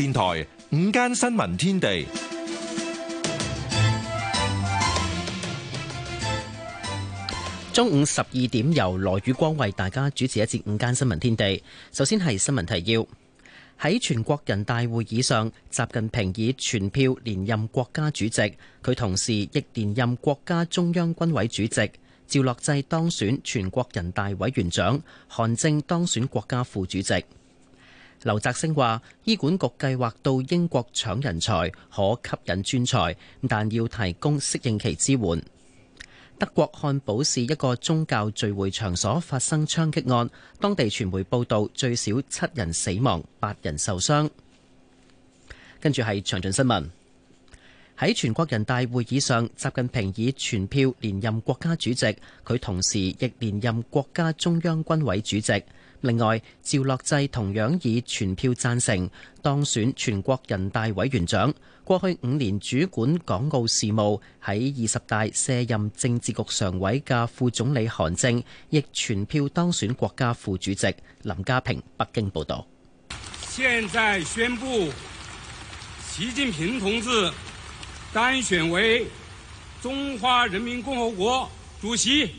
電台午間新聞天地，中午十二點由羅宇光為大家主持一節午間新聞天地。首先係新聞提要：喺全國人大會議上，習近平以全票連任國家主席，佢同時亦連任國家中央軍委主席；趙樂際當選全國人大委員長，韓正當選國家副主席。劉澤星話：醫管局計劃到英國搶人才，可吸引專才，但要提供適應期支援。德國漢堡市一個宗教聚會場所發生槍擊案，當地傳媒報道最少七人死亡、八人受傷。跟住係詳盡新聞。喺全國人大會議上，習近平以全票連任國家主席，佢同時亦連任國家中央軍委主席。另外，趙樂際同樣以全票贊成當選全國人大委員長。過去五年主管港澳事務，喺二十大卸任政治局常委嘅副總理韓正，亦全票當選國家副主席。林家平，北京報導。現在宣布，習近平同志當選為中華人民共和國主席。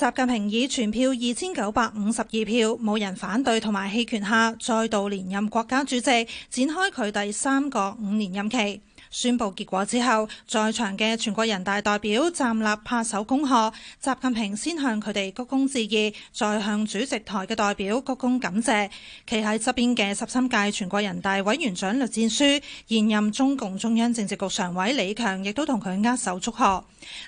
習近平以全票二千九百五十二票，冇人反對同埋棄權下，再度連任國家主席，展開佢第三個五年任期。宣布結果之後，在場嘅全國人大代表站立拍手恭賀，習近平先向佢哋鞠躬致意，再向主席台嘅代表鞠躬感謝。企喺側邊嘅十三屆全國人大委員長栗戰書，現任中共中央政治局常委李強，亦都同佢握手祝賀。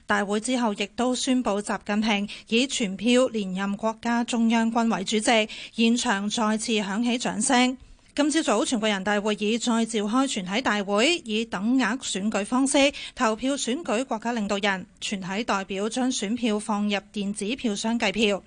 大會之後，亦都宣布習近平以全票連任國家中央軍委主席，現場再次響起掌聲。今朝早，早，全國人大會議再召開全體大會，以等額選舉方式投票選舉國家領導人。全體代表將選票放入電子票箱計票。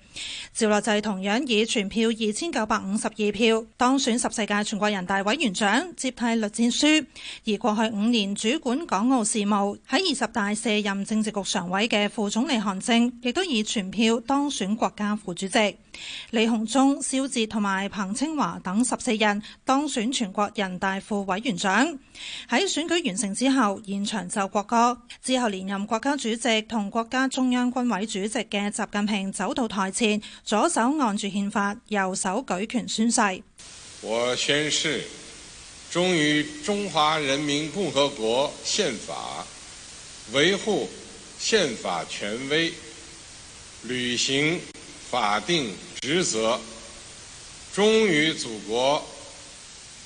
趙樂際同樣以全票二千九百五十二票當選十四屆全國人大委員長，接替栗戰書。而過去五年主管港澳事務、喺二十大卸任政治局常委嘅副總理韓正，亦都以全票當選國家副主席。李鴻忠、肖捷同埋彭清華等十四人。當選全國人大副委員長。喺選舉完成之後，現場奏國歌之後，連任國家主席同國家中央軍委主席嘅習近平走到台前，左手按住憲法，右手舉拳宣誓。我宣誓，忠於中華人民共和國憲法，維護憲法權威，履行法定職責，忠於祖國，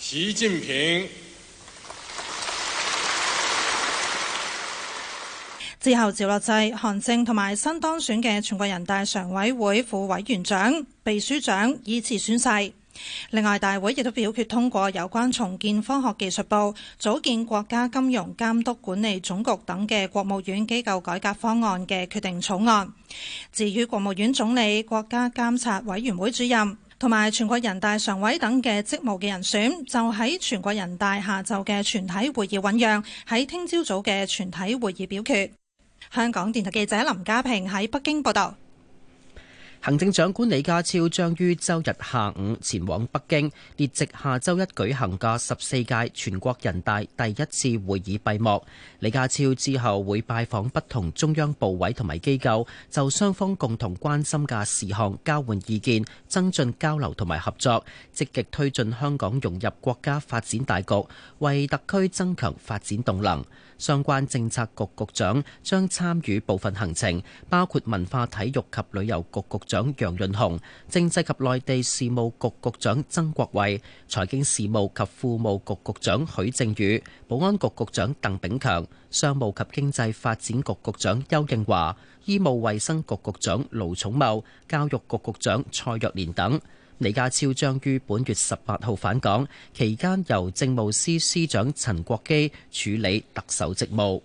習近平之後，趙樂際、韓正同埋新當選嘅全國人大常委會副委員長、秘書長依次宣誓，另外，大會亦都表決通過有關重建科學技術部、組建國家金融監督管理總局等嘅國務院機構改革方案嘅決定草案。至於國務院總理、國家監察委員會主任。同埋全國人大常委等嘅職務嘅人選，就喺全國人大下晝嘅全體會議醖釀，喺聽朝早嘅全體會議表決。香港電台記者林家平喺北京報道。行政長官李家超將於周日下午前往北京，列席下周一舉行嘅十四屆全國人大第一次會議閉幕。李家超之後會拜訪不同中央部委同埋機構，就雙方共同關心嘅事項交換意見，增進交流同埋合作，積極推進香港融入國家發展大局，為特區增強發展動能。相關政策局局長將參與部分行程，包括文化、體育及旅遊局局長楊潤雄、政制及內地事務局局長曾國衛、財經事務及庫務局局長許正宇、保安局局長鄧炳強、商務及經濟發展局局長邱應華、醫務衛生局局長盧寵茂、教育局局長蔡若蓮等。李家超將於本月十八號返港，期間由政務司司長陳國基處理特首職務。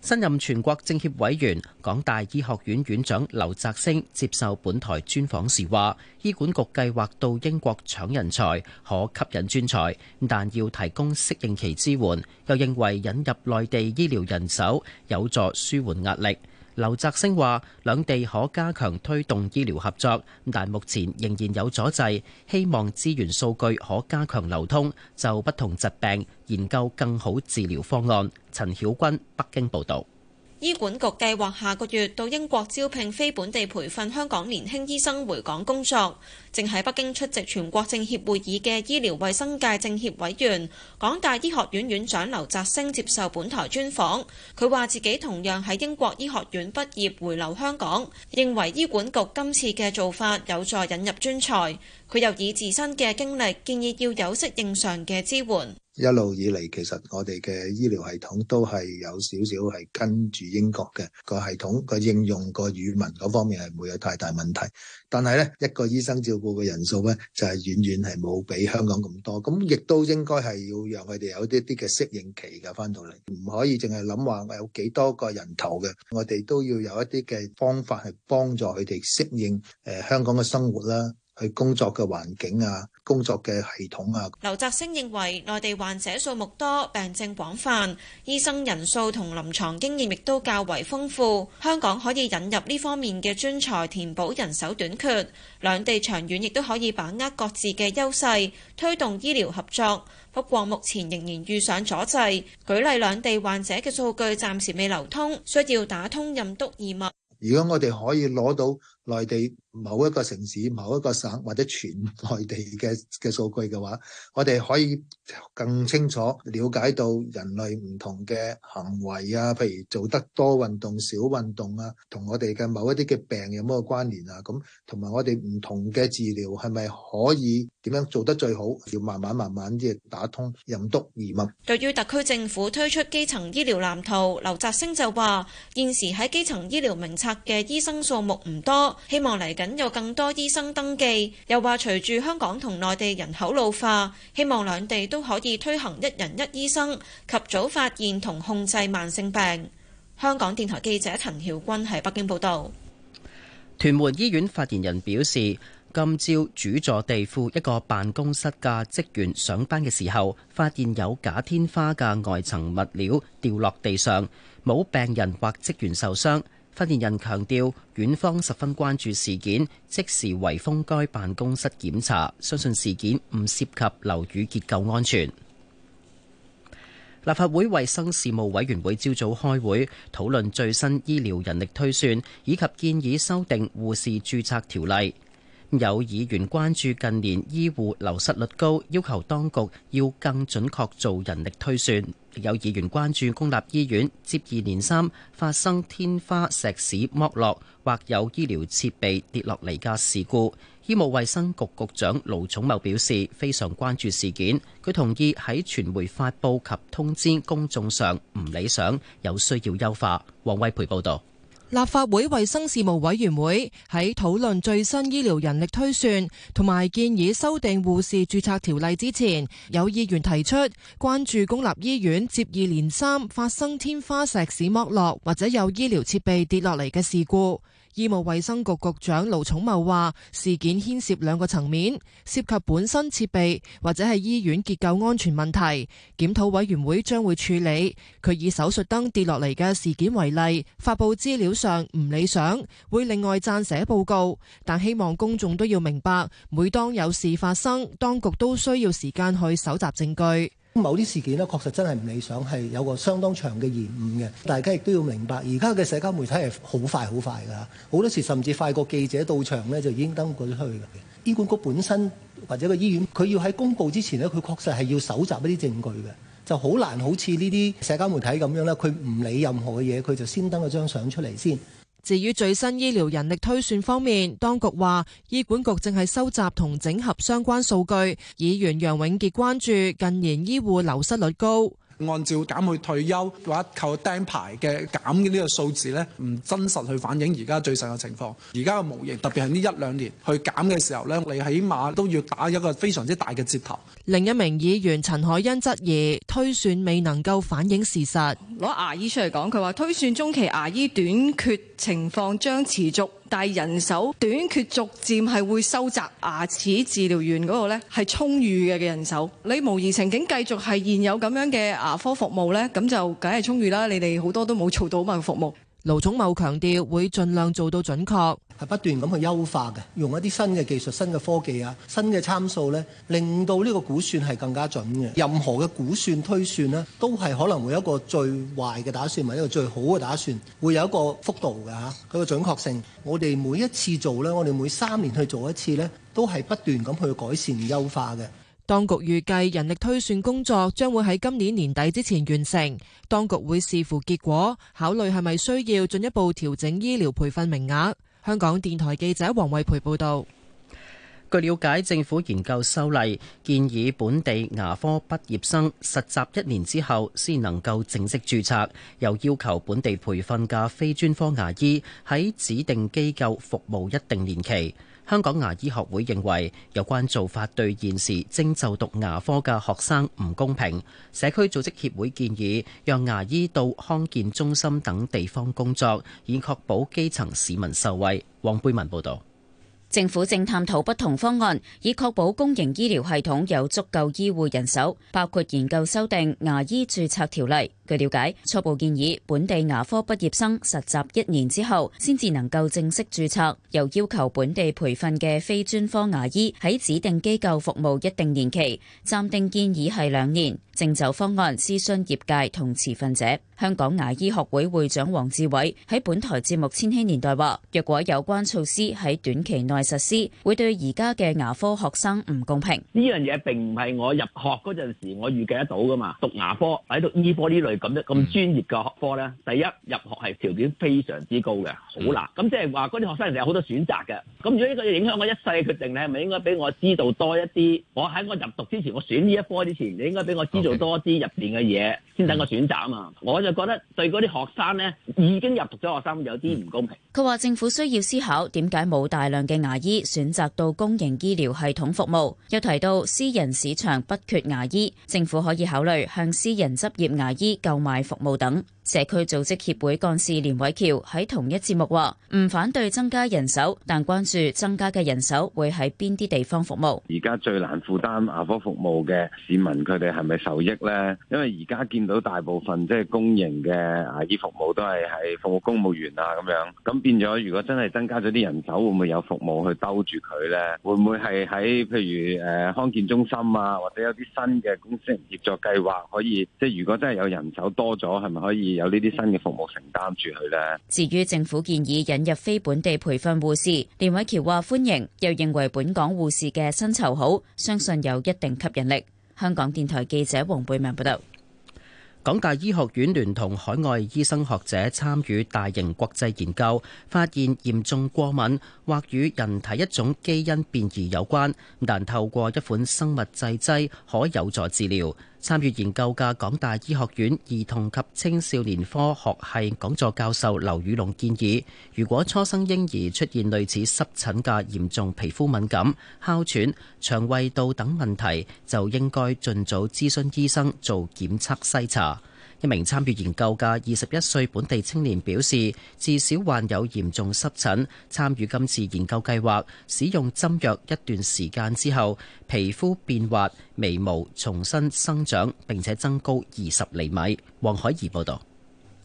新任全國政協委員、港大醫學院院長劉澤星接受本台專訪時話：醫管局計劃到英國搶人才，可吸引專才，但要提供適應期支援。又認為引入內地醫療人手有助舒緩壓力。劉澤星話：兩地可加強推動醫療合作，但目前仍然有阻滯，希望資源數據可加強流通，就不同疾病研究更好治療方案。陳曉君，北京報道。醫管局計劃下個月到英國招聘非本地培訓香港年輕醫生回港工作。正喺北京出席全國政協會議嘅醫療衛生界政協委員、港大醫學院院長劉澤星接受本台專訪，佢話自己同樣喺英國醫學院畢業回流香港，認為醫管局今次嘅做法有助引入專才。佢又以自身嘅經歷建議要有適應上嘅支援。一路以嚟，其實我哋嘅醫療系統都係有少少係跟住英國嘅個系統，個應用個語文嗰方面係唔會有太大問題，但係呢一個醫生照顧嘅人數呢就係遠遠係冇比香港咁多，咁亦都應該係要讓佢哋有啲啲嘅適應期嘅翻到嚟，唔可以淨係諗話我有幾多個人頭嘅，我哋都要有一啲嘅方法去幫助佢哋適應誒香港嘅生活啦。去工作嘅環境啊，工作嘅系統啊。劉澤星認為內地患者數目多，病症廣泛，醫生人數同臨床經驗亦都較為豐富。香港可以引入呢方面嘅專才填補人手短缺，兩地長遠亦都可以把握各自嘅優勢，推動醫療合作。不過目前仍然遇上阻滯，舉例兩地患者嘅數據暫時未流通，需要打通任督二脈。如果我哋可以攞到內地。某一個城市、某一個省或者全內地嘅嘅數據嘅話，我哋可以更清楚了解到人類唔同嘅行為啊，譬如做得多運動少運動啊，同我哋嘅某一啲嘅病有冇個關聯啊？咁同埋我哋唔同嘅治療係咪可以點樣做得最好？要慢慢慢慢即係打通任督二脈。對於特區政府推出基層醫療藍圖，劉澤星就話現時喺基層醫療名冊嘅醫生數目唔多，希望嚟緊。引有更多醫生登記，又話隨住香港同內地人口老化，希望兩地都可以推行一人一醫生，及早發現同控制慢性病。香港電台記者陳曉君喺北京報道。屯門醫院發言人表示，今朝主座地庫一個辦公室嘅職員上班嘅時候，發現有假天花嘅外層物料掉落地上，冇病人或職員受傷。發言人強調，院方十分關注事件，即時圍封該辦公室檢查，相信事件唔涉及樓宇結構安全。立法會衛生事務委員會朝早開會，討論最新醫療人力推算，以及建議修訂護士註冊條例。有議員關注近年醫護流失率高，要求當局要更準確做人力推算。有議員關注公立醫院接二連三發生天花石屎剝落或有醫療設備跌落嚟嘅事故，醫務衛生局局長盧寵茂表示非常關注事件，佢同意喺傳媒發佈及通知公眾上唔理想，有需要優化。黃惠培報導。立法會衛生事務委員會喺討論最新醫療人力推算同埋建議修訂護士注冊條例之前，有議員提出關注公立醫院接二連三發生天花石屎剝落，或者有醫療設備跌落嚟嘅事故。醫務衛生局局長盧寵茂話：事件牽涉兩個層面，涉及本身設備或者係醫院結構安全問題，檢討委員會將會處理。佢以手術燈跌落嚟嘅事件為例，發布資料上唔理想，會另外撰寫報告，但希望公眾都要明白，每當有事發生，當局都需要時間去搜集證據。某啲事件咧，確實真係唔理想，係有個相當長嘅延誤嘅。大家亦都要明白，而家嘅社交媒體係好快好快㗎，好多時甚至快過記者到場呢，就已經登咗去嘅。醫管局本身或者個醫院，佢要喺公佈之前呢，佢確實係要搜集一啲證據嘅，就難好難好似呢啲社交媒體咁樣咧，佢唔理任何嘅嘢，佢就先登咗張相出嚟先。至於最新醫療人力推算方面，當局話醫管局正係收集同整合相關數據。議員楊永傑關注近年醫護流失率高。按照減去退休或者扣釘牌嘅，減嘅呢個數字咧，唔真實去反映而家最新嘅情況。而家嘅模型，特別係呢一兩年去減嘅時候咧，你起碼都要打一個非常之大嘅折頭。另一名議員陳海欣質疑推算未能夠反映事實，攞牙醫出嚟講，佢話推算中期牙醫短缺情況將持續。但人手短缺，逐漸係會收窄牙齒治療員嗰個咧係充裕嘅嘅人手。你無疑情景繼續係現有咁樣嘅牙科服務咧，咁就梗係充裕啦。你哋好多都冇做到啊嘛服務。盧總茂強調會盡量做到準確，係不斷咁去優化嘅，用一啲新嘅技術、新嘅科技啊、新嘅參數咧，令到呢個估算係更加準嘅。任何嘅估算推算咧，都係可能會有一個最壞嘅打算，或者一個最好嘅打算，會有一個幅度嘅吓，佢嘅準確性。我哋每一次做咧，我哋每三年去做一次咧，都係不斷咁去改善優化嘅。當局預計人力推算工作將會喺今年年底之前完成，當局會視乎結果，考慮係咪需要進一步調整醫療培訓名額。香港電台記者黃慧培報道。據了解，政府研究修例，建議本地牙科畢業生實習一年之後先能夠正式注冊，又要求本地培訓嘅非專科牙醫喺指定機構服務一定年期。香港牙醫學會認為有關做法對現時正就讀牙科嘅學生唔公平。社區組織協會建議讓牙醫到康健中心等地方工作，以確保基層市民受惠。黃貝文報道。政府正探討不同方案，以確保公營醫療系統有足夠醫護人手，包括研究修訂牙醫註冊條例。據了解，初步建議本地牙科畢業生實習一年之後，先至能夠正式注冊；又要求本地培訓嘅非專科牙醫喺指定機構服務一定年期，暫定建議係兩年。正就方案諮詢業界同持份者。香港牙醫學會會長黃志偉喺本台節目《千禧年代》話：若果有關措施喺短期內實施，會對而家嘅牙科學生唔公平。呢樣嘢並唔係我入學嗰陣時我預計得到噶嘛，讀牙科喺讀醫科呢類。咁咁專業嘅學科咧，第一入學係條件非常之高嘅，好難。咁即係話嗰啲學生其實有好多選擇嘅。咁如果呢個影響我一世嘅決定，你係咪應該俾我知道多一啲？我喺我入讀之前，我選呢一科之前，你應該俾我知道多啲入邊嘅嘢，先等我選擇啊嘛？我就覺得對嗰啲學生咧，已經入讀咗學生有啲唔公平。佢話政府需要思考點解冇大量嘅牙醫選擇到公營醫療系統服務，又提到私人市場不缺牙醫，政府可以考慮向私人執業牙醫購買服務等。社區組織協會幹事連偉橋喺同一節目話：唔反對增加人手，但關注增加嘅人手會喺邊啲地方服務。而家最難負擔牙科服務嘅市民，佢哋係咪受益呢？因為而家見到大部分即係公營嘅牙醫服務都係喺服務公務員啊咁樣，咁變咗如果真係增加咗啲人手，會唔會有服務去兜住佢呢？會唔會係喺譬如誒康健中心啊，或者有啲新嘅公私協作計劃，可以即係、就是、如果真係有人手多咗，係咪可以？有呢啲新嘅服務承擔住佢呢。至於政府建議引入非本地培訓護士，連偉橋話歡迎，又認為本港護士嘅薪酬好，相信有一定吸引力。香港電台記者黃貝文報道。港大醫學院聯同海外醫生學者參與大型國際研究，發現嚴重過敏或與人體一種基因變異有關，但透過一款生物製劑可有助治療。參與研究嘅港大醫學院兒童及青少年科學系講座教授劉宇龍建議，如果初生嬰兒出現類似濕疹嘅嚴重皮膚敏感、哮喘、腸胃道等問題，就應該盡早諮詢醫生做檢測篩查。一名參與研究嘅二十一歲本地青年表示，自小患有嚴重濕疹，參與今次研究計劃，使用針藥一段時間之後，皮膚變滑，眉毛重新生長，並且增高二十厘米。黃海怡報導。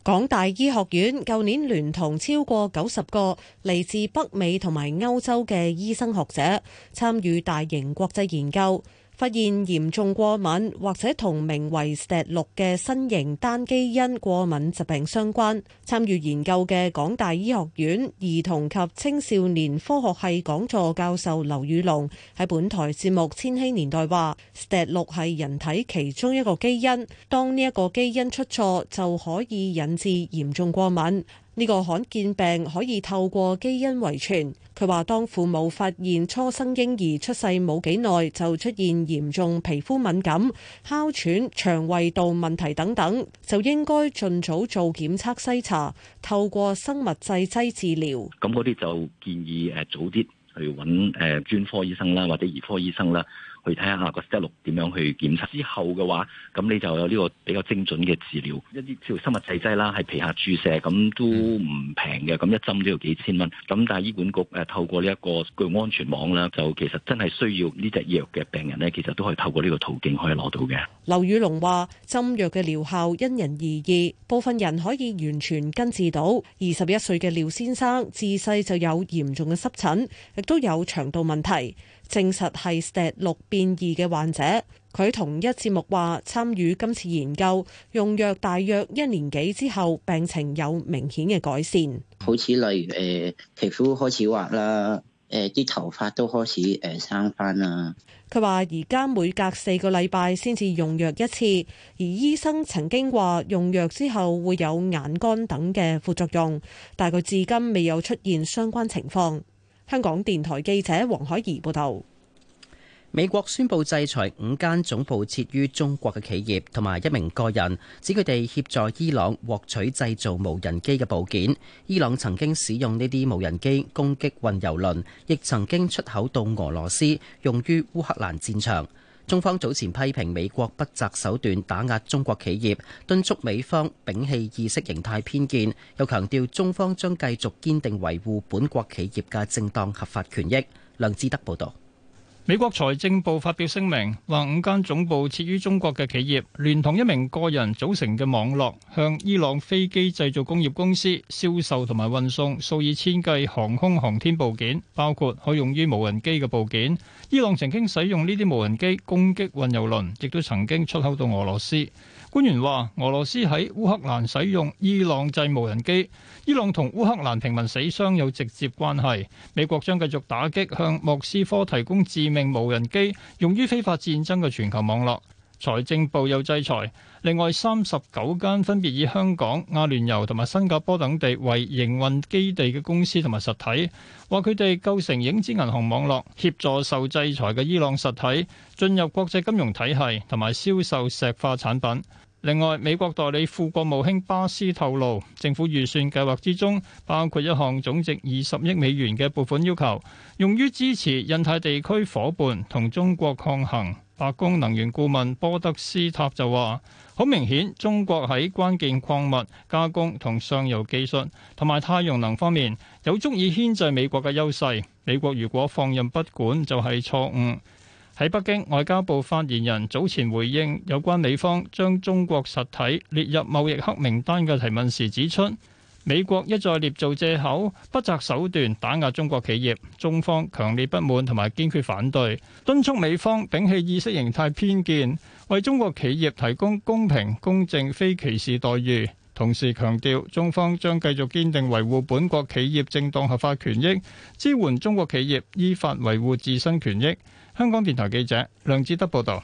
港大醫學院舊年聯同超過九十個嚟自北美同埋歐洲嘅醫生學者，參與大型國際研究。發現嚴重過敏或者同名為 STAT6 嘅新型單基因過敏疾病相關。參與研究嘅港大醫學院兒童及青少年科學系講座教授劉宇龍喺本台節目《千禧年代》話：STAT6 係人體其中一個基因，當呢一個基因出錯就可以引致嚴重過敏。呢個罕見病可以透過基因遺傳。佢話：當父母發現初生嬰兒出世冇幾耐就出現嚴重皮膚敏感、哮喘、腸胃道問題等等，就應該盡早做檢測篩查，透過生物製劑治療。咁嗰啲就建議誒早啲去揾誒專科醫生啦，或者兒科醫生啦。去睇下個得六點樣，去檢查之後嘅話，咁你就有呢個比較精準嘅治療。一啲叫生物製劑啦，係皮下注射，咁都唔平嘅。咁一針都要幾千蚊。咁但係醫管局誒透過呢一個具安全網啦，就其實真係需要呢隻藥嘅病人呢，其實都可以透過呢個途徑可以攞到嘅。劉宇龍話：針藥嘅療效因人而異，部分人可以完全根治到。二十一歲嘅廖先生自細就有嚴重嘅濕疹，亦都有腸道問題。證實係 STAT6 變異嘅患者，佢同一節目話參與今次研究用藥大約一年幾之後，病情有明顯嘅改善。好似例如誒、呃，皮膚開始滑啦，誒、呃、啲頭髮都開始誒、呃、生翻啦。佢話而家每隔四個禮拜先至用藥一次，而醫生曾經話用藥之後會有眼乾等嘅副作用，但佢至今未有出現相關情況。香港電台記者黃海怡報道：美國宣布制裁五間總部設於中國嘅企業同埋一名個人，指佢哋協助伊朗獲取製造無人機嘅部件。伊朗曾經使用呢啲無人機攻擊運油輪，亦曾經出口到俄羅斯，用於烏克蘭戰場。中方早前批評美國不擇手段打壓中國企業，敦促美方摒棄意識形態偏見，又強調中方將繼續堅定維護本國企業嘅正當合法權益。梁志德報道。美國財政部發表聲明，話五間總部設於中國嘅企業，聯同一名個人組成嘅網絡，向伊朗飛機製造工業公司銷售同埋運送數以千計航空航天部件，包括可用於無人機嘅部件。伊朗曾經使用呢啲無人機攻擊運油輪，亦都曾經出口到俄羅斯。官員話：俄羅斯喺烏克蘭使用伊朗製無人機，伊朗同烏克蘭平民死傷有直接關係。美國將繼續打擊，向莫斯科提供致命無人機，用於非法戰爭嘅全球網絡。財政部有制裁另外三十九間分別以香港、阿聯酋同埋新加坡等地為營運基地嘅公司同埋實體，話佢哋構成影子銀行網絡，協助受制裁嘅伊朗實體進入國際金融體系同埋銷售石化產品。另外，美國代理副國務卿巴斯透露，政府預算計劃之中包括一項總值二十億美元嘅撥款要求，用於支持印太地區伙伴同中國抗衡。白宮能源顧問波德斯塔就話：好明顯，中國喺關鍵礦物加工同上游技術同埋太陽能方面，有足以牽制美國嘅優勢。美國如果放任不管就，就係錯誤。喺北京，外交部發言人早前回應有關美方將中國實體列入貿易黑名單嘅提問時指出。美國一再捏造借口，不擇手段打壓中國企業，中方強烈不滿同埋堅決反對，敦促美方摒棄意識形態偏見，為中國企業提供公平、公正、非歧視待遇。同時強調，中方將繼續堅定維護本國企業正當合法權益，支援中國企業依法維護自身權益。香港電台記者梁志德報道。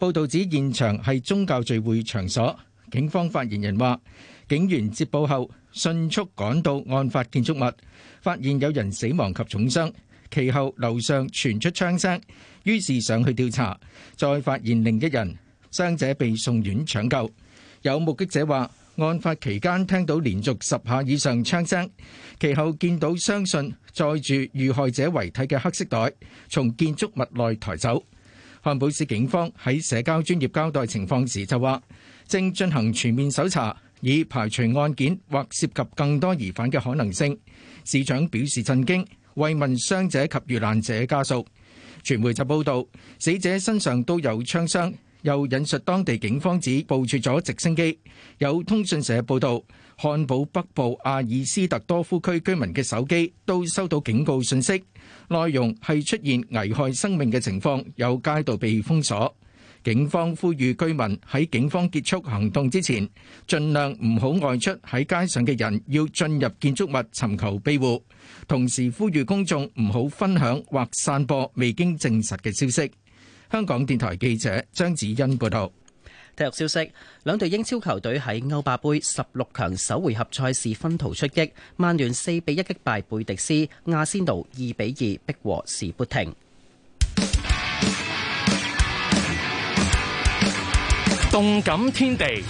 報道指現場係宗教聚會場所。警方發言人話：警員接報後迅速趕到案發建築物，發現有人死亡及重傷。其後樓上傳出槍聲，於是上去調查，再發現另一人，傷者被送院搶救。有目擊者話：案發期間聽到連續十下以上槍聲，其後見到相信載住遇害者遺體嘅黑色袋從建築物內抬走。漢堡市警方喺社交專頁交代情況時就話，正進行全面搜查，以排除案件或涉及更多疑犯嘅可能性。市長表示震驚，慰問傷者及遇難者家屬。傳媒就報道，死者身上都有槍傷。又引述當地警方指部署咗直升機，有通信社報道，漢堡北部阿爾斯特多夫區居民嘅手機都收到警告信息，內容係出現危害生命嘅情況，有街道被封鎖。警方呼籲居民喺警方結束行動之前盡量唔好外出，喺街上嘅人要進入建築物尋求庇護，同時呼籲公眾唔好分享或散播未經證實嘅消息。香港電台記者張子欣報道。體育消息：兩隊英超球隊喺歐霸杯十六強首回合賽事分途出擊，曼聯四比一擊敗貝迪斯，阿仙奴二比二逼和士砵亭。動感天地。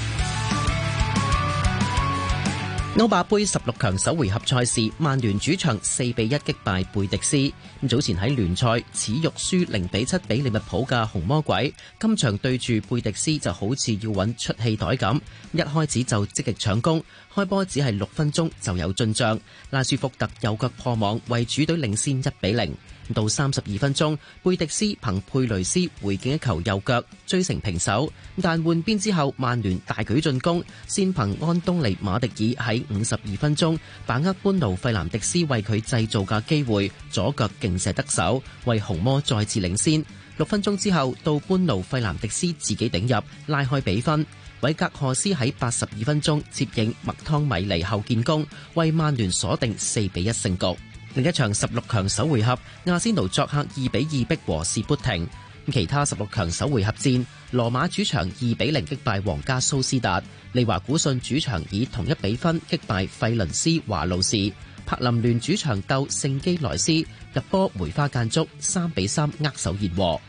歐霸盃十六強首回合賽事，曼聯主場四比一擊敗貝迪斯。咁早前喺聯賽恥辱輸零比七俾利物浦嘅紅魔鬼，今場對住貝迪斯就好似要搵出氣袋咁，一開始就積極搶攻，開波只係六分鐘就有進賬，拉舒福特右腳破網，為主隊領先一比零。到三十二分鐘，貝迪斯憑佩雷斯回敬一球右腳追成平手。但換邊之後，曼聯大舉進攻，先憑安東尼馬迪爾喺五十二分鐘把握班奴費南迪斯為佢製造嘅機會，左腳勁射得手，為紅魔再次領先。六分鐘之後，到班奴費南迪斯自己頂入，拉開比分。韋格荷斯喺八十二分鐘接應麥湯米尼後建功，為曼聯鎖定四比一勝局。另一場十六強首回合，阿仙奴作客二比二逼和士砵亭。其他十六強首回合戰，羅馬主場二比零擊敗皇家蘇斯達，利華古信主場以同一比分擊敗費倫斯華路士，柏林聯主場鬥聖基萊斯，入波梅花間竹三比三握手言和。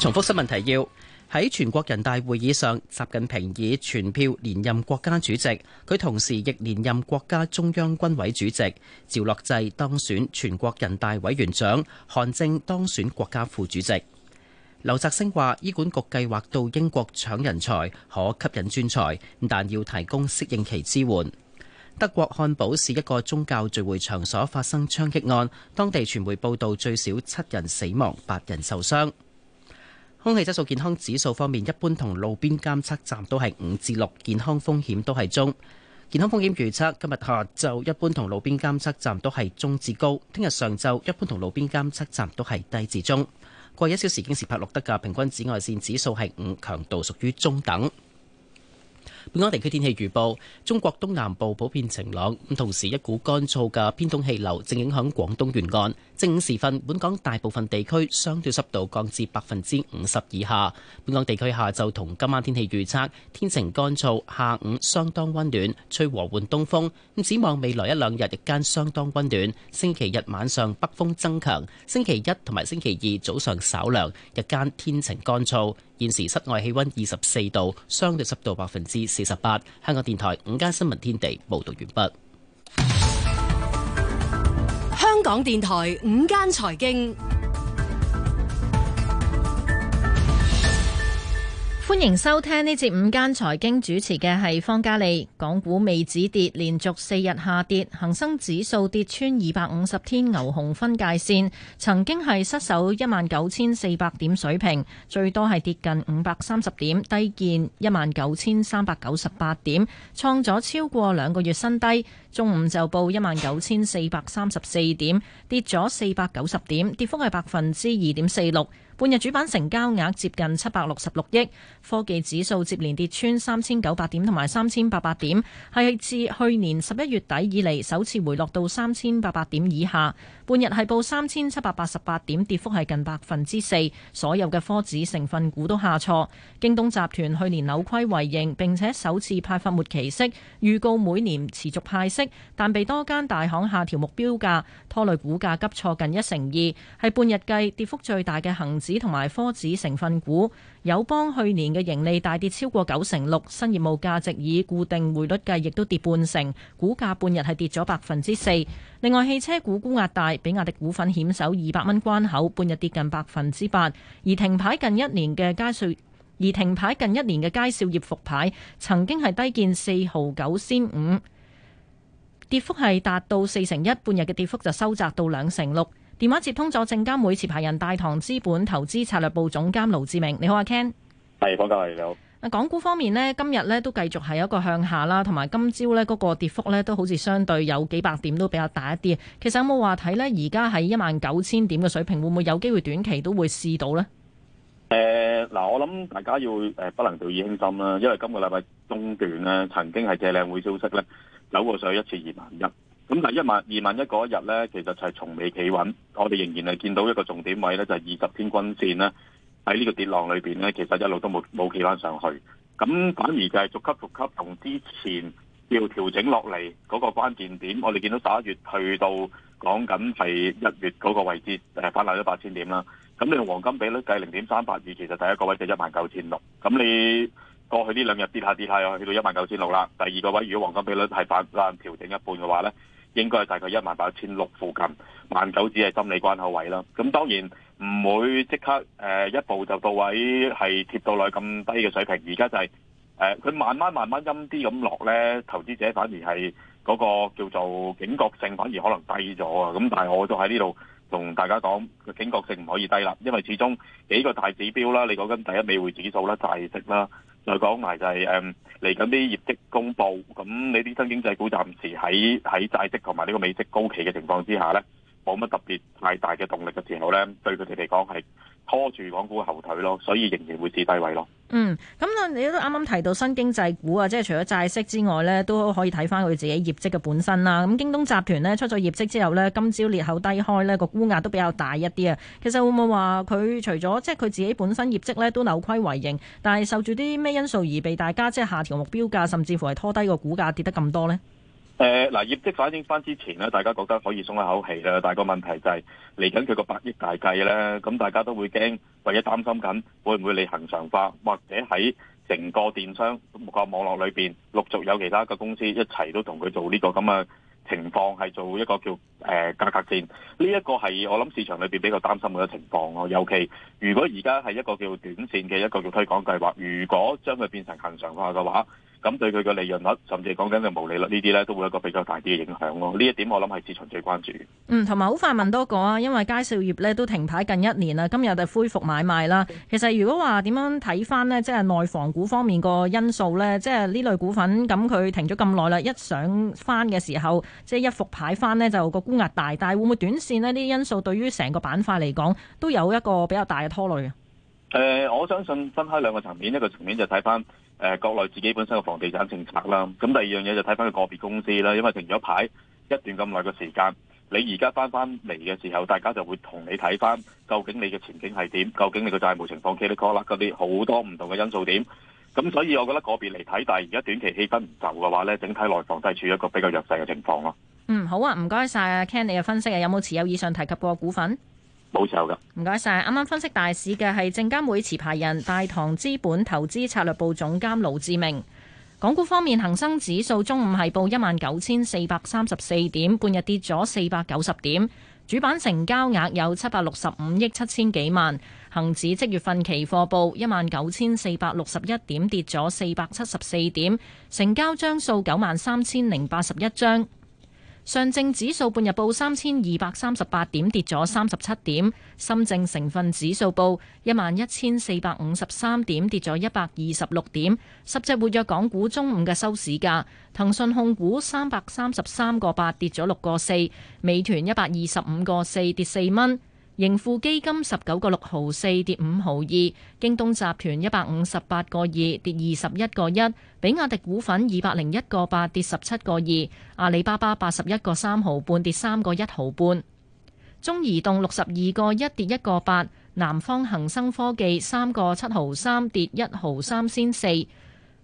重複新聞提要。喺全國人大會議上，習近平以全票連任國家主席，佢同時亦連任國家中央軍委主席。趙樂際當選全國人大委員長，韓正當選國家副主席。劉澤星話：醫管局計劃到英國搶人才，可吸引專才，但要提供適應期支援。德國漢堡市一個宗教聚會場所發生槍擊案，當地傳媒報道最少七人死亡，八人受傷。空氣質素健康指數方面，一般同路邊監測站都係五至六，健康風險都係中。健康風險預測今日下晝一般同路邊監測站都係中至高，聽日上晝一般同路邊監測站都係低至中。過去一小時京士柏錄得嘅平均紫外線指數係五，強度屬於中等。本港地區天氣預報：中國東南部普遍晴朗，咁同時一股乾燥嘅偏東氣流正影響廣東沿岸。正午時分，本港大部分地區相對濕度降至百分之五十以下。本港地區下晝同今晚天氣預測天晴乾燥，下午相當溫暖，吹和緩東風。咁展望未來一兩日日間相當溫暖，星期日晚上北風增強，星期一同埋星期二早上稍涼，日間天晴乾燥。現時室外氣溫二十四度，相對濕度百分之四十八，48，香港電台午間新聞天地報道完畢。香港電台午間財經。歡迎收聽呢節午間財經，主持嘅係方嘉利。港股未止跌，連續四日下跌，恒生指數跌穿二百五十天牛熊分界線，曾經係失守一萬九千四百點水平，最多係跌近五百三十點，低見一萬九千三百九十八點，創咗超過兩個月新低。中午就報一萬九千四百三十四點，跌咗四百九十點，跌幅係百分之二點四六。半日主板成交額接近七百六十六億，科技指數接連跌穿三千九百點同埋三千八百點，係自去年十一月底以嚟首次回落到三千八百點以下。半日係報三千七百八十八點，跌幅係近百分之四。所有嘅科指成分股都下挫。京東集團去年扭虧為盈，並且首次派發末期息，預告每年持續派息，但被多間大行下調目標價，拖累股價急挫近一成二，係半日計跌幅最大嘅恒指同埋科指成分股。友邦去年嘅盈利大跌超過九成六，新業務價值以固定匯率計亦都跌半成，股價半日係跌咗百分之四。另外汽車股沽壓大，比亞迪股份險守二百蚊關口，半日跌近百分之八。而停牌近一年嘅佳兆，而停牌近一年嘅佳兆業復牌，曾經係低見四毫九仙五，跌幅係達到四成一，半日嘅跌幅就收窄到兩成六。電話接通咗證監會持牌人大唐資本投資策略部總監盧志明，你好阿 Ken。係，方教你好。港股方面呢，今日呢都繼續係一個向下啦，同埋今朝呢嗰、那個跌幅呢都好似相對有幾百點都比較大一啲。其實有冇話睇呢，而家喺一萬九千點嘅水平，會唔會有機會短期都會試到呢？誒，嗱，我諗大家要誒、呃、不能掉以輕心啦，因為今個禮拜中段呢曾經係借靚會消息呢，扭過上去一次二萬一。21, 一萬二萬一嗰一日咧，其實就係從未企穩。我哋仍然係見到一個重點位咧，就係二十天均線咧。喺呢個跌浪裏邊咧，其實一路都冇冇企翻上去。咁反而就係逐級逐級，同之前要調整落嚟嗰個關鍵點，我哋見到十一月去到講緊係一月嗰個位置，誒反彈到八千點啦。咁你用黃金比率計零點三八二，其實第一個位就一萬九千六。咁你過去呢兩日跌下跌下，跌下又去到一萬九千六啦。第二個位，如果黃金比率係反彈調整一半嘅話咧。應該係大概一萬八千六附近，萬九只係心理關口位啦。咁當然唔會即刻誒、呃、一步就到位，係跌到去咁低嘅水平。而家就係誒佢慢慢慢慢陰啲咁落咧，投資者反而係嗰個叫做警覺性反而可能低咗啊。咁但係我都喺呢度同大家講，警覺性唔可以低啦，因為始終幾個大指標啦，你講緊第一美匯指數啦、債息啦。再講埋就係誒嚟緊啲業績公布，咁你啲新經濟股暫時喺喺債息同埋呢個美息高企嘅情況之下呢，冇乜特別太大嘅動力嘅時候呢，對佢哋嚟講係拖住港股後腿咯，所以仍然會試低位咯。嗯，咁你都啱啱提到新經濟股啊，即係除咗債息之外呢，都可以睇翻佢自己業績嘅本身啦。咁京東集團呢，出咗業績之後呢，今朝裂口低開呢，個沽壓都比較大一啲啊。其實會唔會話佢除咗即係佢自己本身業績呢都扭虧為盈，但係受住啲咩因素而被大家即係下調目標價，甚至乎係拖低個股價跌得咁多呢？誒，嗱，uh, 業績反映翻之前咧，大家覺得可以鬆一口氣啦。但係個問題就係嚟緊佢個百億大計咧，咁大家都會驚，或者擔心緊會唔會你恒常化，或者喺成個電商個網絡裏邊陸續有其他嘅公司一齊都同佢做呢個咁嘅情況，係做一個叫誒、呃、價格戰。呢、這、一個係我諗市場裏邊比較擔心嘅情況咯。尤其如果而家係一個叫短線嘅一個叫推廣計劃，如果將佢變成恒常化嘅話，咁對佢嘅利潤率，甚至係講緊嘅毛利率呢啲呢，都會有一個比較大啲嘅影響咯。呢一點我諗係市場最關注。嗯，同埋好快問多個啊，因為佳兆業呢都停牌近一年啦，今日就恢復買賣啦。其實如果話點樣睇翻呢？即係內房股方面個因素呢，即係呢類股份咁佢停咗咁耐啦，一上翻嘅時候，即係一復牌翻呢，就個沽壓大，但係會唔會短線呢啲因素對於成個板塊嚟講，都有一個比較大嘅拖累嘅？誒、呃，我相信分開兩個層面，一個層面就睇翻。誒國內自己本身嘅房地產政策啦，咁第二樣嘢就睇翻個個別公司啦，因為停咗牌一段咁耐嘅時間，你而家翻翻嚟嘅時候，大家就會同你睇翻究竟你嘅前景係點，究竟你嘅債務情況 key l 啦，嗰啲好多唔同嘅因素點，咁所以我覺得個別嚟睇，但係而家短期氣氛唔夠嘅話呢，整體內房都係處於一個比較弱勢嘅情況咯。嗯，好啊，唔該晒啊 Ken，你嘅分析啊，有冇持有以上提及過股份？冇唔該晒。啱啱分析大市嘅，係證監會持牌人大唐資本投資策略部總監盧志明。港股方面，恒生指數中午係報一萬九千四百三十四點，半日跌咗四百九十點，主板成交額有七百六十五億七千幾萬。恒指即月份期貨報一萬九千四百六十一點，跌咗四百七十四點，成交張數九萬三千零八十一張。上證指數半日報三千二百三十八點，跌咗三十七點；深證成分指數報一萬一千四百五十三點，跌咗一百二十六點。十隻活躍港股中午嘅收市價，騰訊控股三百三十三個八跌咗六個四，美團一百二十五個四跌四蚊。盈富基金十九個六毫四跌五毫二，京東集團一百五十八個二跌二十一個一，比亞迪股份二百零一個八跌十七個二，阿里巴巴八十一個三毫半跌三個一毫半，中移動六十二個一跌一個八，南方恒生科技三個七毫三跌一毫三先四，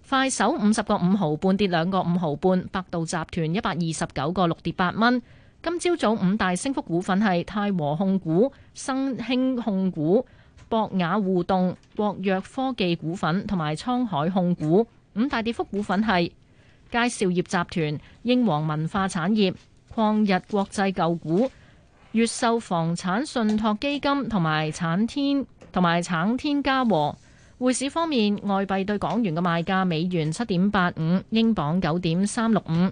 快手五十個五毫半跌兩個五毫半，百度集團一百二十九個六跌八蚊。今朝早,早五大升幅股份係泰和控股、生興控股、博雅互動、國藥科技股份同埋滄海控股。五大跌幅股份係佳兆業集團、英皇文化產業、曠日國際舊股、越秀房產信託基金同埋橙天同埋橙天嘉禾。匯市方面，外幣對港元嘅賣價：美元七點八五，英鎊九點三六五。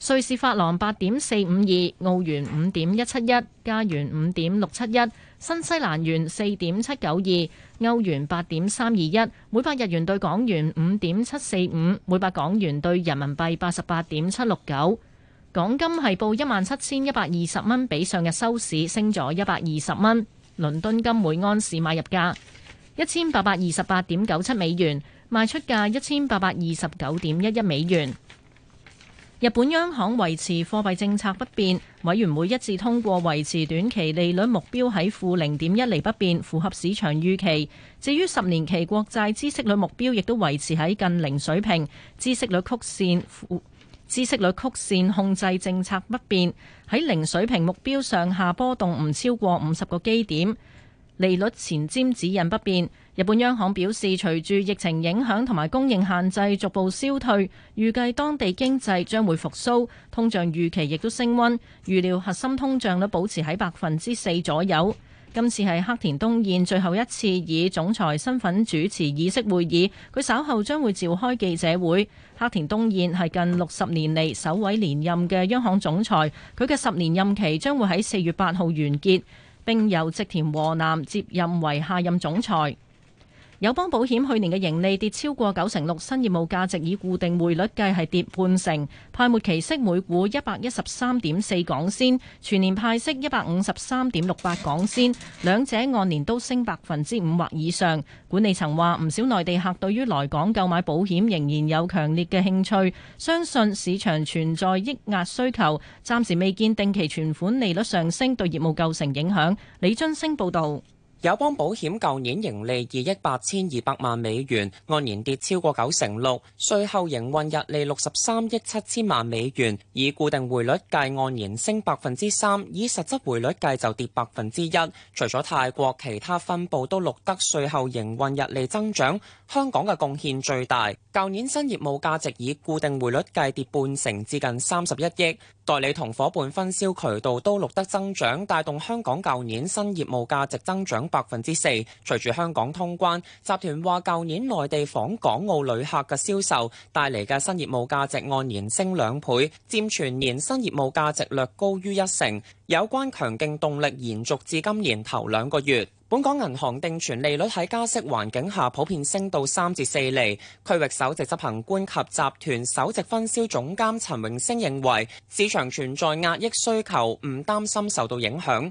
瑞士法郎八點四五二，澳元五點一七一，加元五點六七一，新西蘭元四點七九二，歐元八點三二一，每百日元對港元五點七四五，每百港元對人民幣八十八點七六九。港金係報一萬七千一百二十蚊，比上日收市升咗一百二十蚊。倫敦金每安士買入價一千八百二十八點九七美元，賣出價一千八百二十九點一一美元。日本央行維持貨幣政策不變，委員會一致通過維持短期利率目標喺負零點一厘不變，符合市場預期。至於十年期國債孳息率目標亦都維持喺近零水平，孳息率曲線孳息率曲線控制政策不變，喺零水平目標上下波動唔超過五十個基點，利率前瞻指引不變。日本央行表示，隨住疫情影響同埋供應限制逐步消退，預計當地經濟將會復甦，通脹預期亦都升溫，預料核心通脹率保持喺百分之四左右。今次係黑田東彥最後一次以總裁身份主持議息會議，佢稍後將會召開記者會，黑田東彥係近六十年嚟首位連任嘅央行總裁，佢嘅十年任期將會喺四月八號完結，並由植田和男接任為下任總裁。友邦保險去年嘅盈利跌超過九成六，新業務價值以固定匯率計係跌半成。派末期息每股一百一十三點四港仙，全年派息一百五十三點六八港仙，兩者按年都升百分之五或以上。管理層話唔少內地客對於來港購買保險仍然有強烈嘅興趣，相信市場存在抑壓需求，暫時未見定期存款利率上升對業務構成影響。李津升報導。友邦保險舊年盈利二億八千二百萬美元，按年跌超過九成六，稅後營運溢利六十三億七千萬美元，以固定匯率計按年升百分之三，以實質匯率計就跌百分之一。除咗泰國，其他分部都錄得稅後營運溢利增長，香港嘅貢獻最大。舊年新業務價值以固定匯率計跌半成，至近三十一億。代理同伙伴分銷渠道都錄得增長，帶動香港舊年新業務價值增長。百分之四，隨住香港通關，集團話舊年內地訪港澳旅客嘅銷售帶嚟嘅新業務價值按年升兩倍，佔全年新業務價值略高於一成。有關強勁動力延續至今年頭兩個月，本港銀行定存利率喺加息環境下普遍升到三至四厘。區域首席執行官及集團首席分銷總監陳永升認為，市場存在壓抑需求，唔擔心受到影響。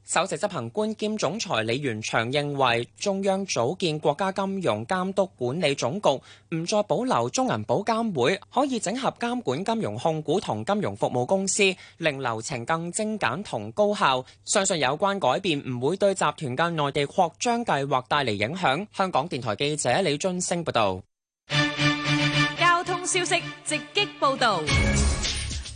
首席執行官兼總裁李源祥認為，中央組建國家金融監督管理總局，唔再保留中銀保監會，可以整合監管金融控股同金融服務公司，令流程更精簡同高效。相信有關改變唔會對集團嘅內地擴張計劃帶嚟影響。香港電台記者李津星報導。交通消息直擊報導。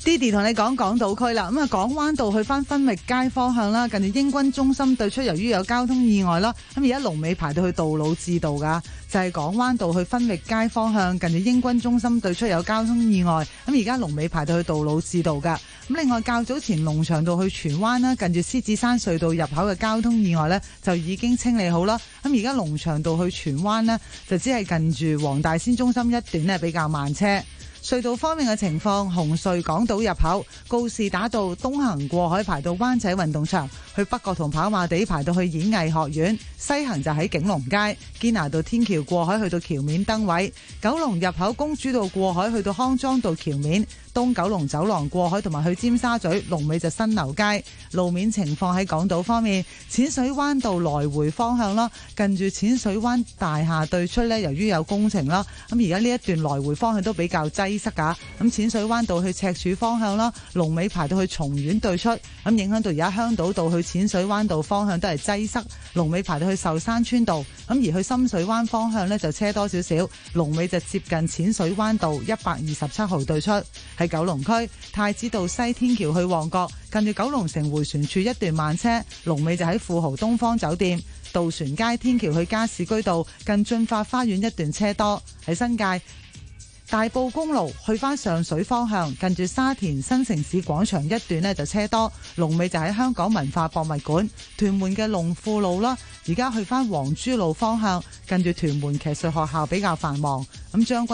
Didi 同你講港島區啦，咁啊港灣道去翻分域街方向啦，近住英軍中心對出，由於有交通意外啦，咁而家龍尾排到去杜老誌道㗎，就係、是、港灣道去分域街方向，近住英軍中心對出有交通意外，咁而家龍尾排到去杜老誌道㗎。咁另外較早前龍翔道去荃灣啦，近住獅子山隧道入口嘅交通意外咧，就已經清理好啦。咁而家龍翔道去荃灣呢，就只係近住黃大仙中心一段咧比較慢車。隧道方面嘅情況，紅隧港島入口告士打道東行過海排到灣仔運動場，去北角同跑馬地排到去演藝學院；西行就喺景隆街堅拿道天橋過海去到橋面燈位；九龍入口公主道過海去到康莊道橋面。東九龍走廊過海同埋去尖沙咀龍尾就新樓街。路面情況，喺港島方面，淺水灣道來回方向啦，近住淺水灣大廈對出呢，由於有工程啦，咁而家呢一段來回方向都比較擠塞噶。咁淺水灣道去赤柱方向啦，龍尾排到去松苑對出，咁影響到而家香島道去淺水灣道方向都係擠塞，龍尾排到去壽山村道，咁而去深水灣方向呢，就車多少少，龍尾就接近淺水灣道一百二十七號對出喺。九龍區太子道西天橋去旺角，近住九龍城迴旋處一段慢車，龍尾就喺富豪東方酒店；渡船街天橋去加士居道，近駿發花園一段車多，喺新界大埔公路去翻上水方向，近住沙田新城市廣場一段呢就車多，龍尾就喺香港文化博物館；屯門嘅龍富路啦，而家去翻黃珠路方向，近住屯門騎術學校比較繁忙，咁將軍。